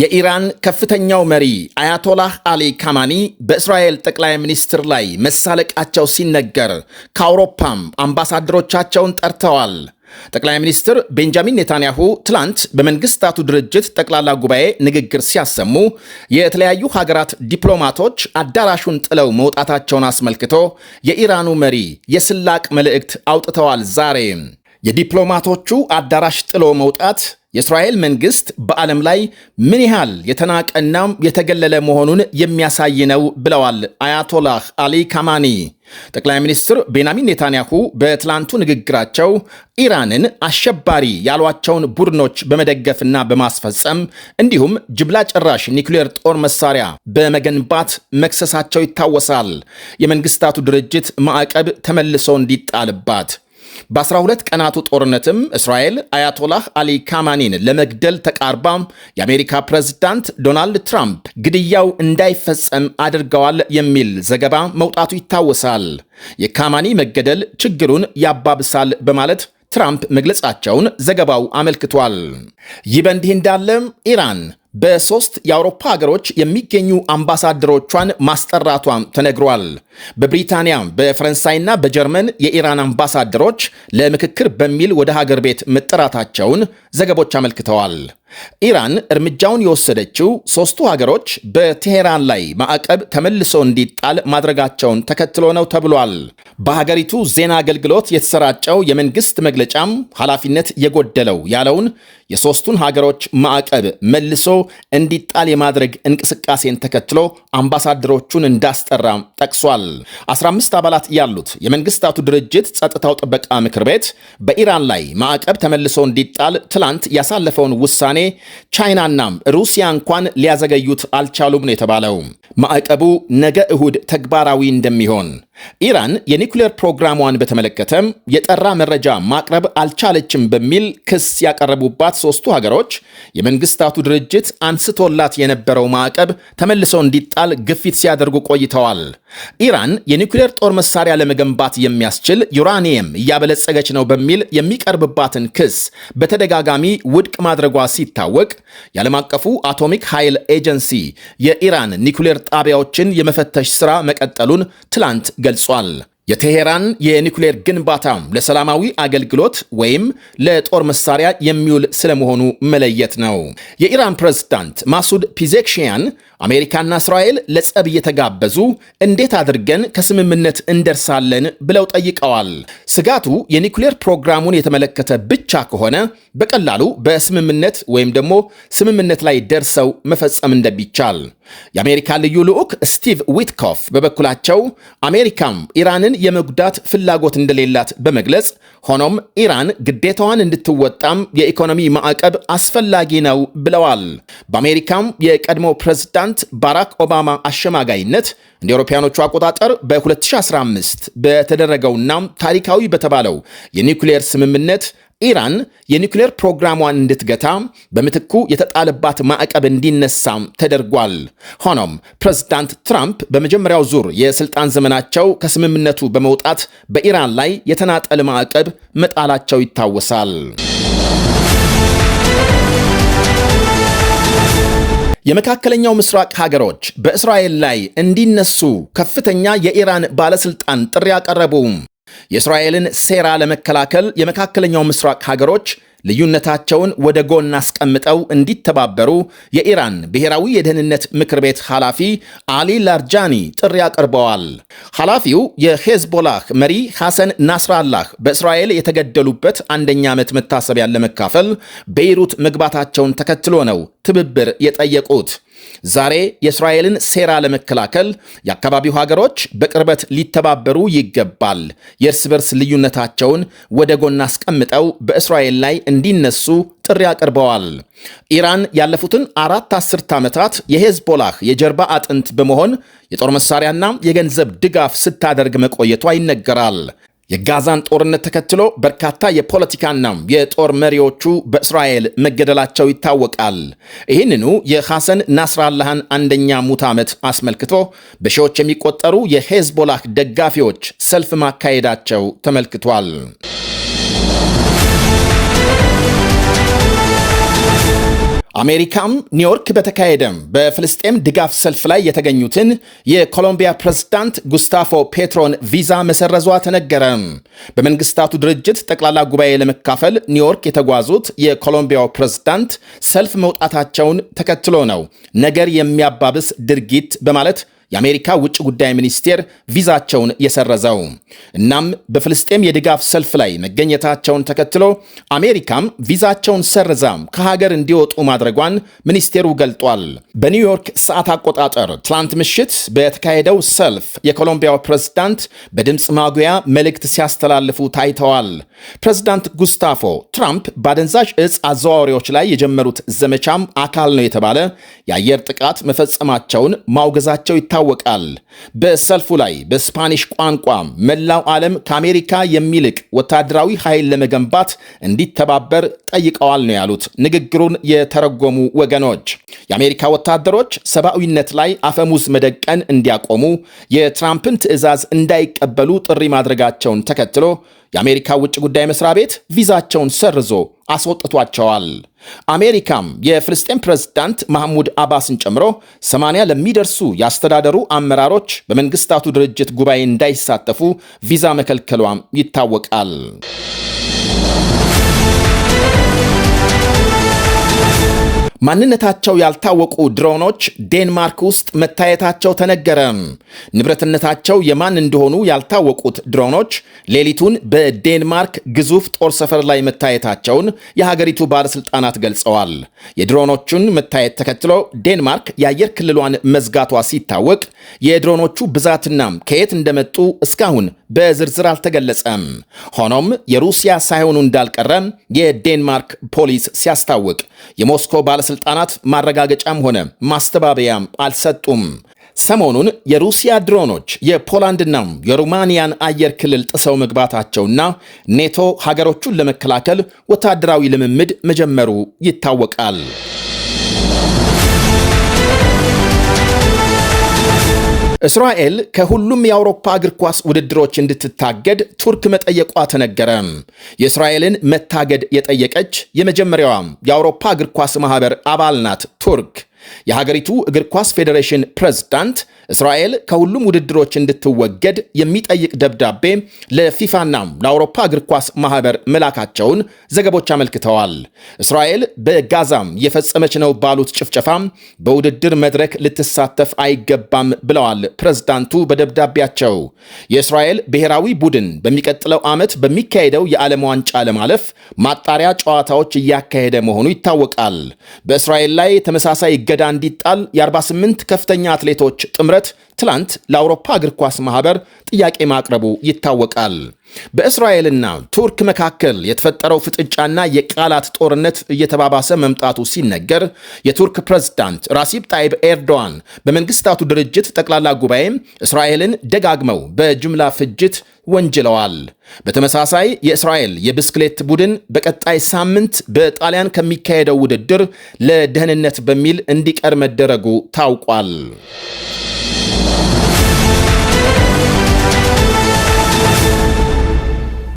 የኢራን ከፍተኛው መሪ አያቶላህ አሊ ካማኒ በእስራኤል ጠቅላይ ሚኒስትር ላይ መሳለቃቸው ሲነገር ከአውሮፓም አምባሳደሮቻቸውን ጠርተዋል። ጠቅላይ ሚኒስትር ቤንጃሚን ኔታንያሁ ትላንት በመንግስታቱ ድርጅት ጠቅላላ ጉባኤ ንግግር ሲያሰሙ የተለያዩ ሀገራት ዲፕሎማቶች አዳራሹን ጥለው መውጣታቸውን አስመልክቶ የኢራኑ መሪ የስላቅ መልእክት አውጥተዋል ዛሬ የዲፕሎማቶቹ አዳራሽ ጥሎ መውጣት የእስራኤል መንግስት በዓለም ላይ ምን ያህል የተናቀና የተገለለ መሆኑን የሚያሳይ ነው ብለዋል አያቶላህ አሊ ካማኒ። ጠቅላይ ሚኒስትር ቤንያሚን ኔታንያሁ በትላንቱ ንግግራቸው ኢራንን አሸባሪ ያሏቸውን ቡድኖች በመደገፍና በማስፈጸም እንዲሁም ጅምላ ጨራሽ ኒውክሌር ጦር መሳሪያ በመገንባት መክሰሳቸው ይታወሳል። የመንግስታቱ ድርጅት ማዕቀብ ተመልሶ እንዲጣልባት በ12 ቀናቱ ጦርነትም እስራኤል አያቶላህ አሊ ካማኒን ለመግደል ተቃርባ የአሜሪካ ፕሬዝዳንት ዶናልድ ትራምፕ ግድያው እንዳይፈጸም አድርገዋል የሚል ዘገባ መውጣቱ ይታወሳል። የካማኒ መገደል ችግሩን ያባብሳል በማለት ትራምፕ መግለጻቸውን ዘገባው አመልክቷል። ይህ በእንዲህ እንዳለ ኢራን በሶስት የአውሮፓ ሀገሮች የሚገኙ አምባሳደሮቿን ማስጠራቷም ተነግሯል። በብሪታንያ በፈረንሳይና በጀርመን የኢራን አምባሳደሮች ለምክክር በሚል ወደ ሀገር ቤት መጠራታቸውን ዘገቦች አመልክተዋል። ኢራን እርምጃውን የወሰደችው ሦስቱ ሀገሮች በቴሄራን ላይ ማዕቀብ ተመልሶ እንዲጣል ማድረጋቸውን ተከትሎ ነው ተብሏል። በሀገሪቱ ዜና አገልግሎት የተሰራጨው የመንግሥት መግለጫም ኃላፊነት የጎደለው ያለውን የሦስቱን ሀገሮች ማዕቀብ መልሶ እንዲጣል የማድረግ እንቅስቃሴን ተከትሎ አምባሳደሮቹን እንዳስጠራ ጠቅሷል። 15 አባላት ያሉት የመንግስታቱ ድርጅት ጸጥታው ጥበቃ ምክር ቤት በኢራን ላይ ማዕቀብ ተመልሶ እንዲጣል ትላንት ያሳለፈውን ውሳኔ ቻይናናም ሩሲያ እንኳን ሊያዘገዩት አልቻሉም ነው የተባለው። ማዕቀቡ ነገ እሁድ ተግባራዊ እንደሚሆን ኢራን የኒኩሌር ፕሮግራሟን በተመለከተም የጠራ መረጃ ማቅረብ አልቻለችም በሚል ክስ ያቀረቡባት ሶስቱ ሀገሮች የመንግስታቱ ድርጅት አንስቶላት የነበረው ማዕቀብ ተመልሰው እንዲጣል ግፊት ሲያደርጉ ቆይተዋል። ኢራን የኒኩሌር ጦር መሳሪያ ለመገንባት የሚያስችል ዩራኒየም እያበለጸገች ነው በሚል የሚቀርብባትን ክስ በተደጋጋሚ ውድቅ ማድረጓ ሲታወቅ የዓለም አቀፉ አቶሚክ ኃይል ኤጀንሲ የኢራን ኒኩሌር ጣቢያዎችን የመፈተሽ ሥራ መቀጠሉን ትላንት ገ ገልጿል። የቴሄራን የኒኩሌር ግንባታም ለሰላማዊ አገልግሎት ወይም ለጦር መሳሪያ የሚውል ስለመሆኑ መለየት ነው። የኢራን ፕሬዝዳንት ማሱድ ፒዜክሽያን አሜሪካና እስራኤል ለጸብ እየተጋበዙ እንዴት አድርገን ከስምምነት እንደርሳለን ብለው ጠይቀዋል። ስጋቱ የኒኩሌር ፕሮግራሙን የተመለከተ ብቻ ከሆነ በቀላሉ በስምምነት ወይም ደግሞ ስምምነት ላይ ደርሰው መፈጸም እንደሚቻል የአሜሪካ ልዩ ልዑክ ስቲቭ ዊትኮፍ በበኩላቸው አሜሪካም ኢራንን ኢራንን የመጉዳት ፍላጎት እንደሌላት በመግለጽ ሆኖም ኢራን ግዴታዋን እንድትወጣም የኢኮኖሚ ማዕቀብ አስፈላጊ ነው ብለዋል። በአሜሪካም የቀድሞ ፕሬዝዳንት ባራክ ኦባማ አሸማጋይነት እንደ አውሮፓውያኖቹ አቆጣጠር በ2015 በተደረገውና ታሪካዊ በተባለው የኒውክሌር ስምምነት ኢራን የኒውክሌር ፕሮግራሟን እንድትገታ በምትኩ የተጣለባት ማዕቀብ እንዲነሳም ተደርጓል። ሆኖም ፕሬዝዳንት ትራምፕ በመጀመሪያው ዙር የስልጣን ዘመናቸው ከስምምነቱ በመውጣት በኢራን ላይ የተናጠል ማዕቀብ መጣላቸው ይታወሳል። የመካከለኛው ምስራቅ ሀገሮች በእስራኤል ላይ እንዲነሱ ከፍተኛ የኢራን ባለስልጣን ጥሪ አቀረቡ። የእስራኤልን ሴራ ለመከላከል የመካከለኛው ምስራቅ ሀገሮች ልዩነታቸውን ወደ ጎን አስቀምጠው እንዲተባበሩ የኢራን ብሔራዊ የደህንነት ምክር ቤት ኃላፊ አሊ ላርጃኒ ጥሪ አቅርበዋል። ኃላፊው የሄዝቦላህ መሪ ሐሰን ናስራላህ በእስራኤል የተገደሉበት አንደኛ ዓመት መታሰቢያን ለመካፈል ቤይሩት መግባታቸውን ተከትሎ ነው ትብብር የጠየቁት። ዛሬ የእስራኤልን ሴራ ለመከላከል የአካባቢው ሀገሮች በቅርበት ሊተባበሩ ይገባል። የእርስ በርስ ልዩነታቸውን ወደ ጎን አስቀምጠው በእስራኤል ላይ እንዲነሱ ጥሪ አቅርበዋል። ኢራን ያለፉትን አራት አስርት ዓመታት የሄዝቦላህ የጀርባ አጥንት በመሆን የጦር መሳሪያና የገንዘብ ድጋፍ ስታደርግ መቆየቷ ይነገራል። የጋዛን ጦርነት ተከትሎ በርካታ የፖለቲካና የጦር መሪዎቹ በእስራኤል መገደላቸው ይታወቃል። ይህንኑ የሐሰን ናስራላህን አንደኛ ሙት ዓመት አስመልክቶ በሺዎች የሚቆጠሩ የሄዝቦላህ ደጋፊዎች ሰልፍ ማካሄዳቸው ተመልክቷል። አሜሪካም ኒውዮርክ በተካሄደም በፍልስጤም ድጋፍ ሰልፍ ላይ የተገኙትን የኮሎምቢያ ፕሬዝዳንት ጉስታፎ ፔትሮን ቪዛ መሰረዟ ተነገረ። በመንግስታቱ ድርጅት ጠቅላላ ጉባኤ ለመካፈል ኒውዮርክ የተጓዙት የኮሎምቢያው ፕሬዝዳንት ሰልፍ መውጣታቸውን ተከትሎ ነው ነገር የሚያባብስ ድርጊት በማለት የአሜሪካ ውጭ ጉዳይ ሚኒስቴር ቪዛቸውን የሰረዘው። እናም በፍልስጤም የድጋፍ ሰልፍ ላይ መገኘታቸውን ተከትሎ አሜሪካም ቪዛቸውን ሰርዛም ከሀገር እንዲወጡ ማድረጓን ሚኒስቴሩ ገልጧል። በኒውዮርክ ሰዓት አቆጣጠር ትላንት ምሽት በተካሄደው ሰልፍ የኮሎምቢያው ፕሬዝዳንት በድምፅ ማጉያ መልእክት ሲያስተላልፉ ታይተዋል። ፕሬዝዳንት ጉስታፎ ትራምፕ በአደንዛዥ እጽ አዘዋዋሪዎች ላይ የጀመሩት ዘመቻም አካል ነው የተባለ የአየር ጥቃት መፈጸማቸውን ማውገዛቸው ይታል ይታወቃል። በሰልፉ ላይ በስፓኒሽ ቋንቋ መላው ዓለም ከአሜሪካ የሚልቅ ወታደራዊ ኃይል ለመገንባት እንዲተባበር ጠይቀዋል ነው ያሉት ንግግሩን የተረጎሙ ወገኖች። የአሜሪካ ወታደሮች ሰብአዊነት ላይ አፈሙዝ መደቀን እንዲያቆሙ የትራምፕን ትዕዛዝ እንዳይቀበሉ ጥሪ ማድረጋቸውን ተከትሎ የአሜሪካ ውጭ ጉዳይ መስሪያ ቤት ቪዛቸውን ሰርዞ አስወጥቷቸዋል። አሜሪካም የፍልስጤን ፕሬዝዳንት ማህሙድ አባስን ጨምሮ 80 ለሚደርሱ የአስተዳደሩ አመራሮች በመንግስታቱ ድርጅት ጉባኤ እንዳይሳተፉ ቪዛ መከልከሏም ይታወቃል። ማንነታቸው ያልታወቁ ድሮኖች ዴንማርክ ውስጥ መታየታቸው ተነገረ። ንብረትነታቸው የማን እንደሆኑ ያልታወቁት ድሮኖች ሌሊቱን በዴንማርክ ግዙፍ ጦር ሰፈር ላይ መታየታቸውን የሀገሪቱ ባለሥልጣናት ገልጸዋል። የድሮኖቹን መታየት ተከትሎ ዴንማርክ የአየር ክልሏን መዝጋቷ ሲታወቅ የድሮኖቹ ብዛትና ከየት እንደመጡ እስካሁን በዝርዝር አልተገለጸም። ሆኖም የሩሲያ ሳይሆኑ እንዳልቀረም የዴንማርክ ፖሊስ ሲያስታውቅ የሞስኮ ባለሥልጣናት ማረጋገጫም ሆነ ማስተባበያም አልሰጡም። ሰሞኑን የሩሲያ ድሮኖች የፖላንድና የሩማንያን አየር ክልል ጥሰው መግባታቸውና ኔቶ ሀገሮቹን ለመከላከል ወታደራዊ ልምምድ መጀመሩ ይታወቃል። እስራኤል ከሁሉም የአውሮፓ እግር ኳስ ውድድሮች እንድትታገድ ቱርክ መጠየቋ ተነገረ። የእስራኤልን መታገድ የጠየቀች የመጀመሪያዋም የአውሮፓ እግር ኳስ ማህበር አባል ናት ቱርክ። የሀገሪቱ እግር ኳስ ፌዴሬሽን ፕሬዝዳንት እስራኤል ከሁሉም ውድድሮች እንድትወገድ የሚጠይቅ ደብዳቤ ለፊፋና ለአውሮፓ እግር ኳስ ማህበር መላካቸውን ዘገቦች አመልክተዋል። እስራኤል በጋዛም የፈጸመች ነው ባሉት ጭፍጨፋ በውድድር መድረክ ልትሳተፍ አይገባም ብለዋል ፕሬዝዳንቱ በደብዳቤያቸው። የእስራኤል ብሔራዊ ቡድን በሚቀጥለው ዓመት በሚካሄደው የዓለም ዋንጫ ለማለፍ ማጣሪያ ጨዋታዎች እያካሄደ መሆኑ ይታወቃል። በእስራኤል ላይ ተመሳሳይ እገዳ እንዲጣል የ48 ከፍተኛ አትሌቶች ጥምረ ህብረት ትላንት ለአውሮፓ እግር ኳስ ማህበር ጥያቄ ማቅረቡ ይታወቃል። በእስራኤልና ቱርክ መካከል የተፈጠረው ፍጥጫና የቃላት ጦርነት እየተባባሰ መምጣቱ ሲነገር የቱርክ ፕሬዝዳንት ራሲብ ጣይብ ኤርዶዋን በመንግስታቱ ድርጅት ጠቅላላ ጉባኤም እስራኤልን ደጋግመው በጅምላ ፍጅት ወንጅለዋል። በተመሳሳይ የእስራኤል የብስክሌት ቡድን በቀጣይ ሳምንት በጣሊያን ከሚካሄደው ውድድር ለደህንነት በሚል እንዲቀር መደረጉ ታውቋል።